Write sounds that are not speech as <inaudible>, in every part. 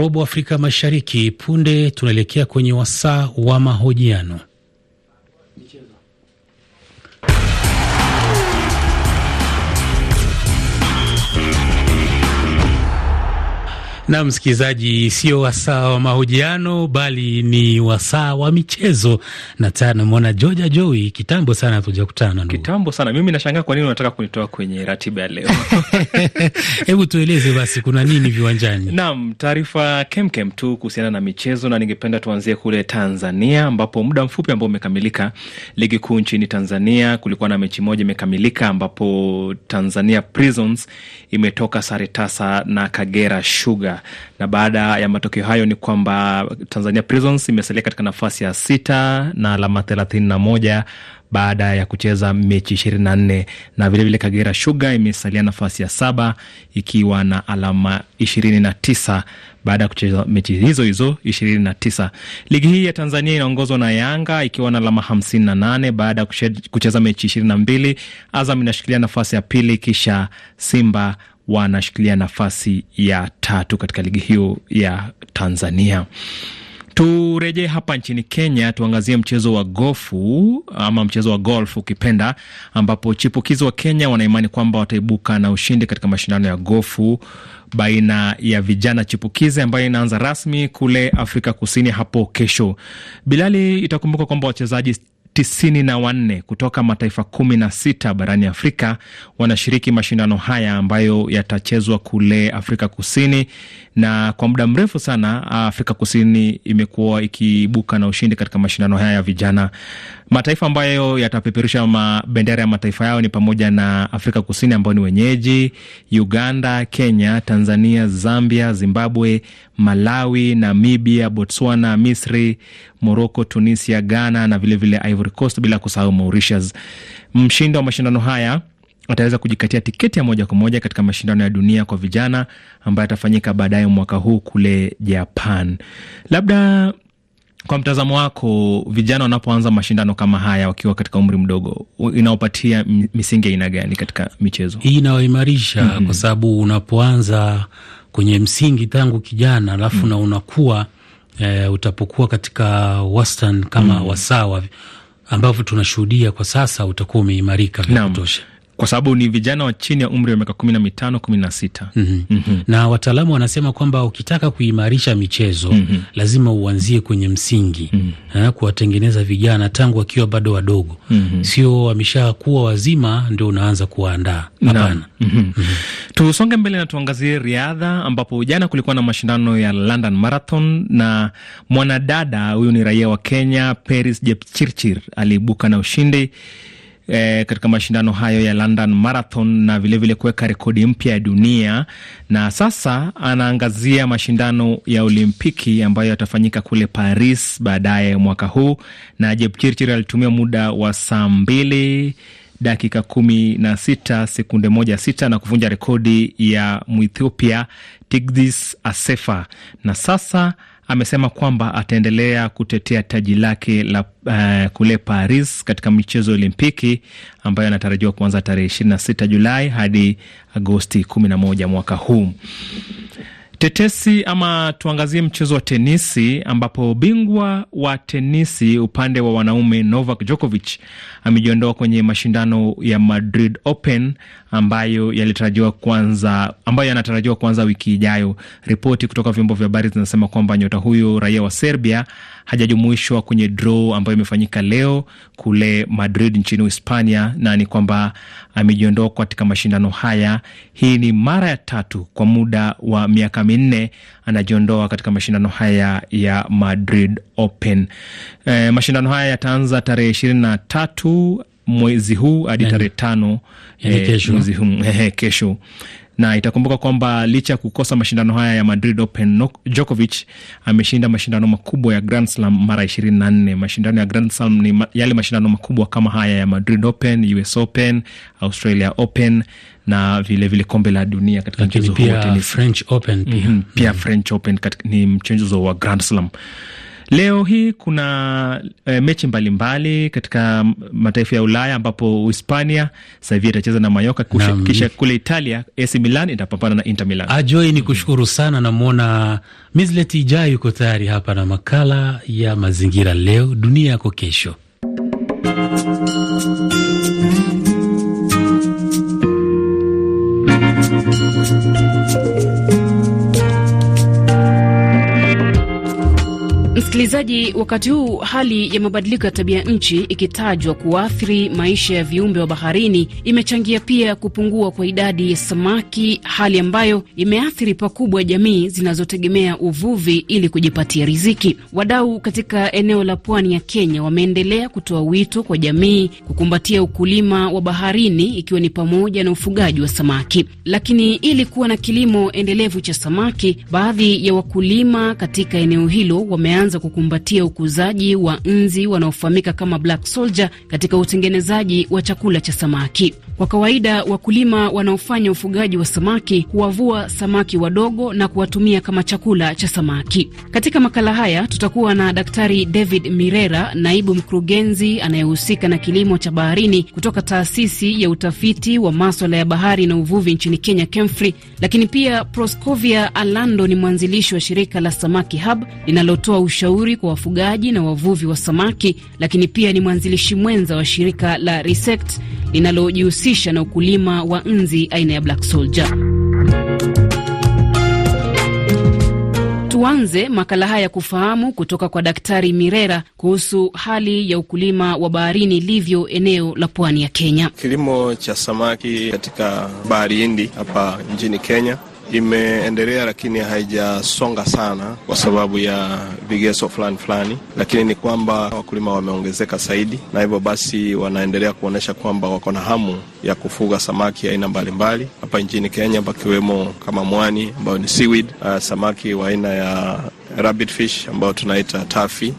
robo Afrika Mashariki. Punde tunaelekea kwenye wasaa wa mahojiano. Na msikilizaji, sio wasaa wa mahojiano bali ni wasaa wa michezo, na tayari namwona Georgia Joi. Kitambo sana hatujakutana, kitambo sana. Mimi nashangaa kwa nini unataka kunitoa kwenye ratiba ya leo. <laughs> Hebu tueleze basi, kuna nini viwanjani? Naam, taarifa kemkem tu kuhusiana na michezo, na ningependa tuanzie kule Tanzania ambapo muda mfupi ambao umekamilika, ligi kuu nchini Tanzania kulikuwa na mechi moja imekamilika, ambapo Tanzania Prisons imetoka sare tasa na Kagera Sugar na baada ya matokeo hayo ni kwamba Tanzania Prisons imesalia katika nafasi ya sita na alama thelathini na moja baada ya kucheza mechi ishirini na nne na vilevile Kagera Sugar imesalia nafasi ya saba ikiwa na alama ishirini na tisa baada ya kucheza mechi hizo hizo ishirini na tisa. Ligi hii ya Tanzania inaongozwa na Yanga ikiwa na alama hamsini na nane baada ya kucheza mechi ishirini na mbili. Azam inashikilia nafasi ya pili, kisha Simba, wanashikilia nafasi ya tatu katika ligi hiyo ya Tanzania. Turejee hapa nchini Kenya, tuangazie mchezo wa gofu ama mchezo wa golf ukipenda, ambapo chipukizi wa Kenya wanaimani kwamba wataibuka na ushindi katika mashindano ya gofu baina ya vijana chipukizi ambayo inaanza rasmi kule Afrika Kusini hapo kesho. Bilali, itakumbuka kwamba wachezaji tisini na wanne kutoka mataifa kumi na sita barani Afrika wanashiriki mashindano haya ambayo yatachezwa kule Afrika Kusini, na kwa muda mrefu sana Afrika Kusini imekuwa ikibuka na ushindi katika mashindano haya ya vijana. Mataifa ambayo yatapeperusha bendera ya mataifa yao ni pamoja na Afrika Kusini ambao ni wenyeji, Uganda, Kenya, Tanzania, Zambia, Zimbabwe, Malawi, Namibia, Botswana, Misri, Moroko, Tunisia, Ghana na vilevile vile Ivory Coast, bila kusahau Mauritius. Mshindi wa mashindano haya ataweza kujikatia tiketi ya moja kwa moja katika mashindano ya dunia kwa vijana ambayo yatafanyika baadaye mwaka huu kule Japan. Labda kwa mtazamo wako, vijana wanapoanza mashindano kama haya wakiwa katika umri mdogo, inaopatia misingi aina gani katika michezo hii inayoimarisha? mm -hmm. Kwa sababu unapoanza kwenye msingi tangu kijana, alafu mm. na unakuwa e, utapokuwa katika wastan kama mm. wasawa ambavyo tunashuhudia kwa sasa, utakuwa umeimarika vya kutosha kwa sababu ni vijana wa chini ya umri wa miaka kumi na mitano kumi na sita. mm -hmm. mm -hmm. na wataalamu wanasema kwamba ukitaka kuimarisha michezo mm -hmm. lazima uanzie kwenye msingi mm -hmm. kuwatengeneza vijana tangu wakiwa bado wadogo mm -hmm. sio wameshakuwa wazima ndio unaanza kuwaandaa, hapana. mm -hmm. mm -hmm. Tusonge mbele na tuangazie riadha, ambapo jana kulikuwa na mashindano ya London Marathon na mwanadada huyu ni raia wa Kenya, Peris Jepchirchir aliibuka na ushindi eh, katika mashindano hayo ya London Marathon na vilevile kuweka rekodi mpya ya dunia, na sasa anaangazia mashindano ya Olimpiki ambayo yatafanyika kule Paris baadaye mwaka huu. Na Jepchirchir alitumia muda wa saa mbili dakika kumi na sita sekunde moja sita na kuvunja rekodi ya Mwethiopia Tigis Asefa na sasa amesema kwamba ataendelea kutetea taji lake la uh, kule Paris katika michezo Olimpiki ambayo anatarajiwa kuanza tarehe 26 Julai hadi Agosti 11 mwaka huu. Tetesi ama tuangazie mchezo wa tenisi ambapo bingwa wa tenisi upande wa wanaume Novak Djokovic amejiondoa kwenye mashindano ya Madrid Open ambayo yalitarajiwa kuanza, ambayo yanatarajiwa kuanza wiki ijayo. Ripoti kutoka vyombo vya habari zinasema kwamba nyota huyo raia wa Serbia hajajumuishwa kwenye draw ambayo imefanyika leo kule Madrid nchini Hispania, na ni kwamba amejiondoa katika mashindano haya. Hii ni mara ya tatu kwa muda wa miaka minne anajiondoa katika mashindano haya ya Madrid Open. E, mashindano haya yataanza tarehe ishirini na tatu mwezi huu hadi tarehe tano eh, mwezi huu <laughs> kesho na itakumbuka kwamba licha ya kukosa mashindano haya ya Madrid Open, Djokovic ameshinda mashindano makubwa ya Grand Slam mara ishirini na nne. Mashindano ya Grand Slam ni yale mashindano makubwa kama haya ya Madrid Open, US Open, Australia Open na vilevile vile kombe la dunia katika mchezo huo French Open pia, mm -hmm. pia mm -hmm. French Open katika, ni mchezo wa Grand Slam. Leo hii kuna e, mechi mbalimbali mbali katika mataifa ya Ulaya ambapo Hispania sasa hivi itacheza na Mayoka kusha, na, kisha kule Italia AC Milan itapambana na Inter Milan. Ajoi ni kushukuru sana, namwona Mislet Ijai yuko tayari hapa na makala ya mazingira leo dunia yako kesho Msikilizaji, wakati huu hali ya mabadiliko ya tabia nchi ikitajwa kuathiri maisha ya viumbe wa baharini, imechangia pia kupungua kwa idadi ya samaki, hali ambayo imeathiri pakubwa jamii zinazotegemea uvuvi ili kujipatia riziki. Wadau katika eneo la pwani ya Kenya wameendelea kutoa wito kwa jamii kukumbatia ukulima wa baharini, ikiwa ni pamoja na ufugaji wa samaki. Lakini ili kuwa na kilimo endelevu cha samaki, baadhi ya wakulima katika eneo hilo wameanza kukumbatia ukuzaji wa nzi wanaofahamika kama black soldier katika utengenezaji wa chakula cha samaki. Kwa kawaida wakulima wanaofanya ufugaji wa samaki huwavua samaki wadogo na kuwatumia kama chakula cha samaki. Katika makala haya tutakuwa na Daktari David Mirera, naibu mkurugenzi anayehusika na kilimo cha baharini kutoka taasisi ya utafiti wa maswala ya bahari na uvuvi nchini Kenya, KEMFRI. Lakini pia Proscovia Alando ni mwanzilishi wa shirika la Samaki Hub linalotoa ushauri ushauri kwa wafugaji na wavuvi wa samaki, lakini pia ni mwanzilishi mwenza wa shirika la Resect linalojihusisha na ukulima wa nzi aina ya Black Soldier. Tuanze makala haya kufahamu kutoka kwa Daktari Mirera kuhusu hali ya ukulima wa baharini ilivyo eneo la pwani ya Kenya. Kilimo cha samaki katika bahari Hindi hapa nchini Kenya imeendelea, lakini haijasonga sana kwa sababu ya vigezo fulani fulani, lakini ni kwamba wakulima wameongezeka zaidi, na hivyo basi wanaendelea kuonyesha kwamba wako na hamu ya kufuga samaki aina mbalimbali hapa nchini Kenya, pakiwemo kama mwani ambayo ni seaweed, uh, samaki wa aina ya rabbit fish ambayo tunaita tafi,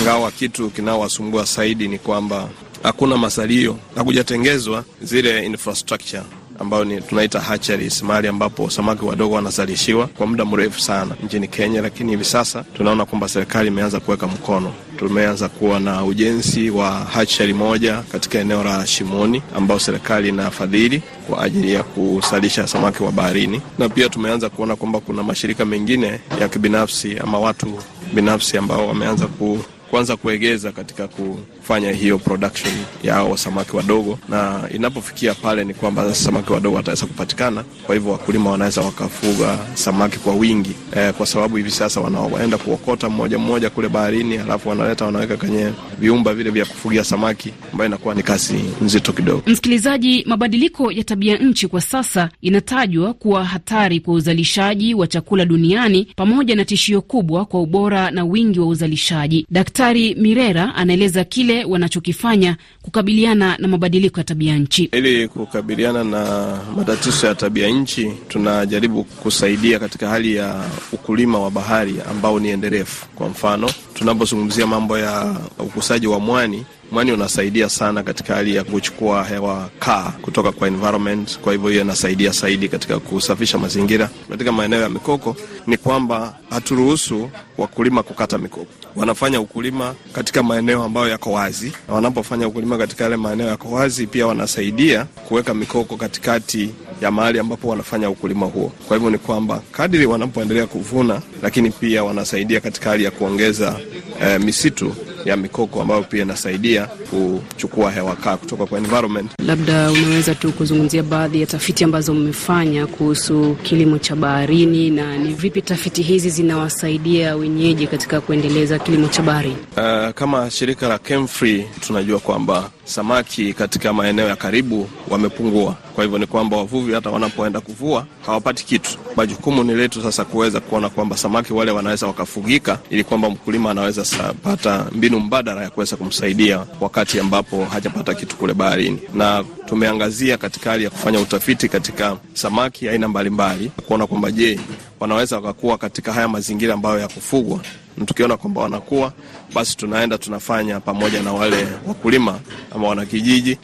ingawa kitu kinaowasumbua zaidi ni kwamba hakuna masalio na kujatengezwa zile infrastructure ambayo ni tunaita hatcheries, mahali ambapo samaki wadogo wanazalishiwa kwa muda mrefu sana nchini Kenya, lakini hivi sasa tunaona kwamba serikali imeanza kuweka mkono tumeanza kuwa na ujenzi wa hatchery moja katika eneo la Shimoni ambayo serikali inafadhili kwa ajili ya kusalisha samaki wa baharini, na pia tumeanza kuona kwamba kuna mashirika mengine ya kibinafsi ama watu binafsi ambao wameanza ku kuanza kuegeza katika kufanya hiyo production ya hao samaki wadogo, na inapofikia pale ni kwamba samaki wadogo wataweza kupatikana, kwa hivyo wakulima wanaweza wakafuga samaki kwa wingi e, kwa sababu hivi sasa wanaenda kuokota mmoja mmoja kule baharini, alafu wanaleta wanaweka kwenye viumba vile vya kufugia samaki, ambayo inakuwa ni kazi nzito kidogo. Msikilizaji, mabadiliko ya tabia nchi kwa sasa inatajwa kuwa hatari kwa uzalishaji wa chakula duniani pamoja na tishio kubwa kwa ubora na wingi wa uzalishaji. Daktari Daktari Mirera anaeleza kile wanachokifanya kukabiliana na mabadiliko ya tabia nchi. Ili kukabiliana na matatizo ya tabia nchi, tunajaribu kusaidia katika hali ya ukulima wa bahari ambao ni endelevu. Kwa mfano tunapozungumzia mambo ya ukusaji wa mwani mwani unasaidia sana katika hali ya kuchukua hewa kaa kutoka kwa environment. Kwa hivyo hiyo inasaidia zaidi katika kusafisha mazingira. Katika maeneo ya mikoko ni kwamba haturuhusu wakulima kukata mikoko, wanafanya ukulima katika maeneo ambayo yako wazi, na wanapofanya ukulima katika yale maeneo yako wazi, pia wanasaidia kuweka mikoko katikati ya mahali ambapo wanafanya ukulima huo. Kwa hivyo ni kwamba kadiri wanapoendelea kuvuna, lakini pia wanasaidia katika hali ya kuongeza eh, misitu ya mikoko ambayo pia inasaidia kuchukua hewa kaa kutoka kwa environment. Labda unaweza tu kuzungumzia baadhi ya tafiti ambazo mmefanya kuhusu kilimo cha baharini na ni vipi tafiti hizi zinawasaidia wenyeji katika kuendeleza kilimo cha bahari? Uh, kama shirika la Kemfree tunajua kwamba samaki katika maeneo ya karibu wamepungua. Kwa hivyo ni kwamba wavuvi hata wanapoenda kuvua hawapati kitu. Majukumu ni letu sasa kuweza kuona kwamba samaki wale wanaweza wakafugika, ili kwamba mkulima anaweza pata mbinu mbadala ya kuweza kumsaidia wakati ambapo hajapata kitu kule baharini. Na tumeangazia katika hali ya kufanya utafiti katika samaki aina mbalimbali, kuona kwamba je, wanaweza wakakuwa katika haya mazingira ambayo ya kufugwa tukiona kwamba wanakuwa, basi tunaenda tunafanya pamoja na wale wakulima ama wanakijiji,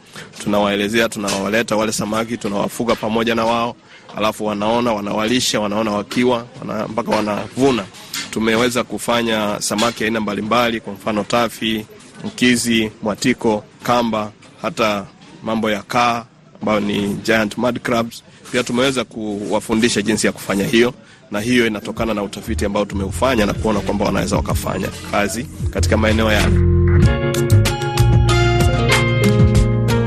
tunawaelezea, tunawaleta wale samaki, tunawafuga pamoja na wao, alafu wanaona, wanawalisha, wanaona wakiwa wana, mpaka wanavuna. Tumeweza kufanya samaki aina mbalimbali, kwa mfano tafi, mkizi, mwatiko, kamba, hata mambo ya kaa ambayo ni giant mud crabs. Pia tumeweza kuwafundisha jinsi ya kufanya hiyo na hiyo inatokana na utafiti ambao tumeufanya na kuona kwamba wanaweza wakafanya kazi katika maeneo yao.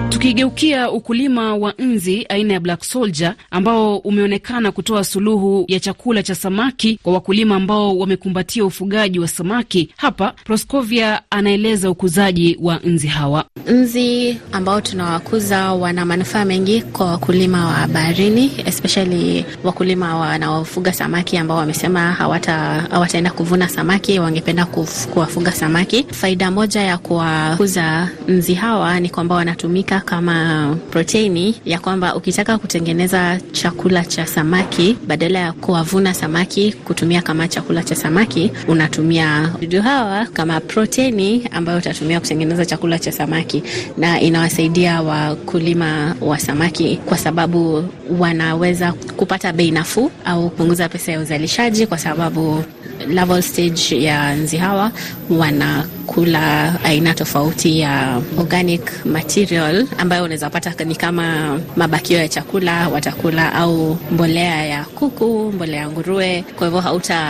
Tukigeukia ukulima wa nzi aina ya black soldier ambao umeonekana kutoa suluhu ya chakula cha samaki kwa wakulima ambao wamekumbatia ufugaji wa samaki. Hapa Proscovia anaeleza ukuzaji wa nzi hawa. Nzi ambao tunawakuza wana manufaa mengi kwa wakulima wa baharini, especially wakulima wanaofuga samaki ambao wamesema hawata hawataenda kuvuna samaki, wangependa kuwafuga samaki. Faida moja ya kuwakuza nzi hawa ni kwamba wanatumika kama proteini, ya kwamba ukitaka kutengeneza chakula cha samaki, badala ya kuwavuna samaki kutumia kama chakula cha samaki, unatumia dudu hawa kama proteini ambayo utatumia kutengeneza chakula cha samaki samaki, na inawasaidia wakulima wa samaki kwa sababu wanaweza kupata bei nafuu au kupunguza pesa ya uzalishaji, kwa sababu larval stage ya nzi hawa wana kula aina tofauti ya organic material ambayo unaweza pata ni kama mabakio ya chakula watakula, au mbolea ya kuku, mbolea ya nguruwe. Kwa hivyo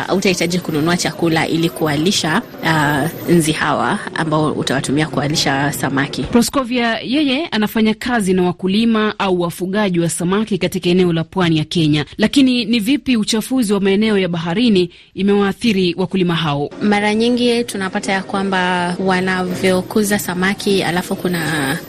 hautahitaji kununua chakula ili kuwalisha uh, nzi hawa ambao utawatumia kuwalisha samaki. Proskovia yeye anafanya kazi na wakulima au wafugaji wa samaki katika eneo la pwani ya Kenya, lakini ni vipi uchafuzi wa maeneo ya baharini imewaathiri wakulima hao? Mara nyingi tunapata ya kwamba Uh, wanavyokuza samaki alafu kuna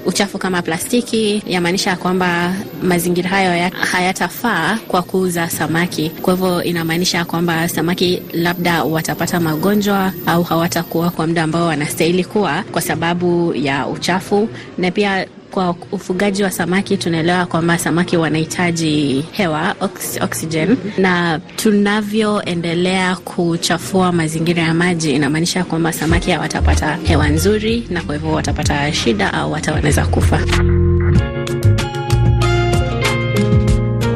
uchafu kama plastiki, yamaanisha kwamba mazingira hayo hayatafaa kwa kuuza samaki. Kwa hivyo inamaanisha ya kwamba samaki labda watapata magonjwa au hawatakuwa kwa muda ambao wanastahili kuwa kwa sababu ya uchafu na pia kwa ufugaji wa samaki tunaelewa kwamba samaki wanahitaji hewa ox oxygen, mm -hmm. na tunavyoendelea kuchafua mazingira ya maji inamaanisha kwamba samaki hawatapata hewa nzuri, na kwa hivyo watapata shida au wanaweza kufa.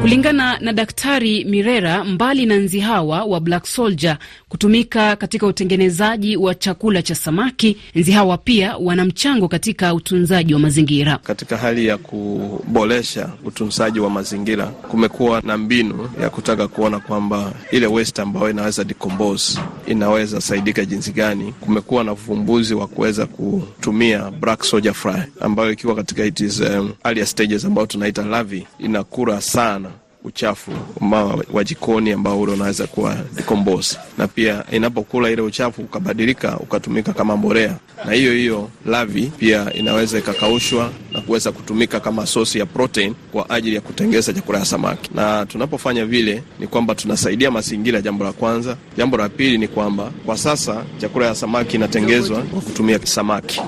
Kulingana na Daktari Mirera, mbali na nzi hawa wa black soldier kutumika katika utengenezaji wa chakula cha samaki. Nzi hawa pia wana mchango katika utunzaji wa mazingira. Katika hali ya kuboresha utunzaji wa mazingira, kumekuwa na mbinu ya kutaka kuona kwamba ile waste ambayo inaweza decompose inaweza saidika jinsi gani. Kumekuwa na uvumbuzi wa kuweza kutumia black soldier fly ambayo ikiwa katika it is, um, stages ambayo tunaita larvae inakura sana uchafu ambao wa jikoni ambao ule unaweza kuwa decompose, na pia inapokula ile uchafu ukabadilika ukatumika kama mbolea, na hiyo hiyo lavi pia inaweza ikakaushwa na kuweza kutumika kama sosi ya protein kwa ajili ya kutengeza chakula ya samaki. Na tunapofanya vile ni kwamba tunasaidia mazingira, jambo la kwanza. Jambo la pili ni kwamba kwa sasa chakula ya samaki inatengezwa kwa kutumia samaki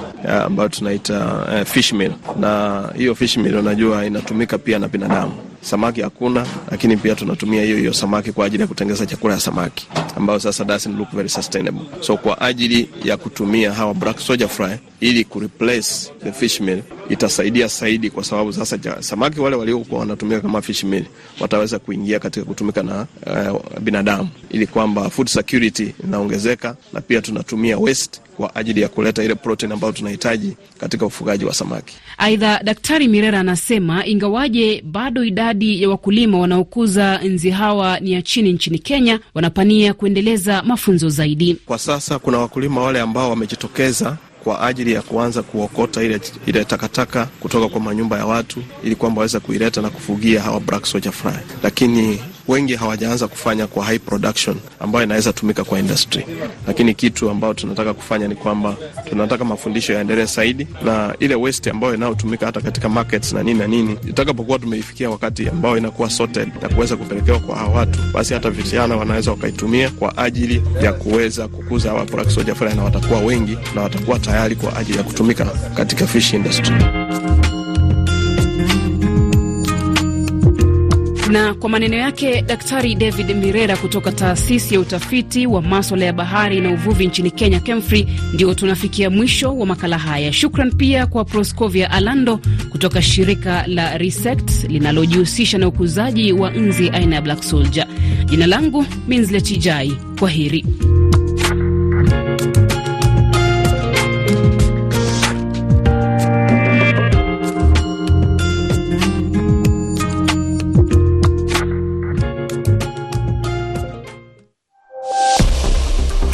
ambayo tunaita uh, fish meal, na hiyo fish meal unajua inatumika pia na binadamu samaki hakuna, lakini pia tunatumia hiyo hiyo samaki kwa ajili ya kutengeneza chakula ya samaki ambayo sasa doesn't look very sustainable. So kwa ajili ya kutumia hawa black soldier fry ili kureplace the fish meal itasaidia zaidi, kwa sababu sasa ja, samaki wale waliokuwa wanatumika kama fish meal wataweza kuingia katika kutumika na uh, binadamu, ili kwamba food security inaongezeka na pia tunatumia waste kwa ajili ya kuleta ile protein ambayo tunahitaji katika ufugaji wa samaki. Aidha, Daktari Mirera anasema ingawaje bado idadi ya wakulima wanaokuza nzi hawa ni ya chini nchini Kenya, wanapania kuendeleza mafunzo zaidi. Kwa sasa kuna wakulima wale ambao wamejitokeza kwa ajili ya kuanza kuokota ile, ile takataka kutoka kwa manyumba ya watu ili kwamba waweze kuileta na kufugia hawa black soldier fly, lakini wengi hawajaanza kufanya kwa high production ambayo inaweza tumika kwa industry, lakini kitu ambayo tunataka kufanya ni kwamba tunataka mafundisho yaendelee zaidi, na ile waste ambayo inayotumika hata katika markets na nini na nini, itakapokuwa tumeifikia wakati ambao inakuwa sorted na kuweza kupelekewa kwa hawa watu, basi hata vijana wanaweza wakaitumia kwa ajili ya kuweza kukuza hawa products wa Jafari, na watakuwa wengi na watakuwa tayari kwa ajili ya kutumika katika fish industry. Na kwa maneno yake Daktari David Mirera kutoka taasisi ya utafiti wa maswala ya bahari na uvuvi nchini Kenya, KEMFRI, ndio tunafikia mwisho wa makala haya. Shukran pia kwa Proscovia Alando kutoka shirika la Resect linalojihusisha na ukuzaji wa nzi aina ya black soldier. Jina langu Minzletijai, kwa heri.